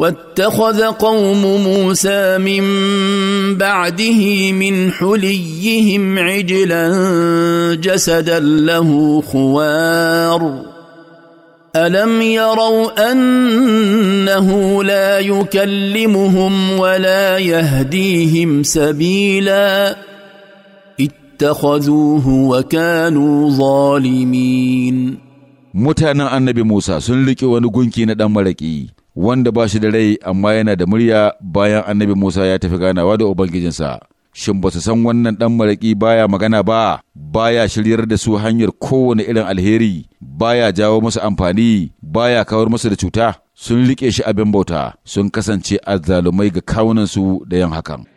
واتخذ قوم موسى من بعده من حليهم عجلا جسدا له خوار الم يروا انه لا يكلمهم ولا يهديهم سبيلا اتخذوه وكانوا ظالمين متانا النبي موسى سنلك ونقنكي ندم ملكي wanda ba shi da rai amma yana da murya bayan annabi Musa ya tafi ganawa da Ubangijinsa. Shin ba su san wannan ɗan maraƙi baya magana ba, baya shiryar da su hanyar kowane irin alheri, baya jawo musu amfani, baya kawar musu da cuta, sun riƙe shi abin bauta, sun kasance azzalumai ga kawunansu da yin hakan.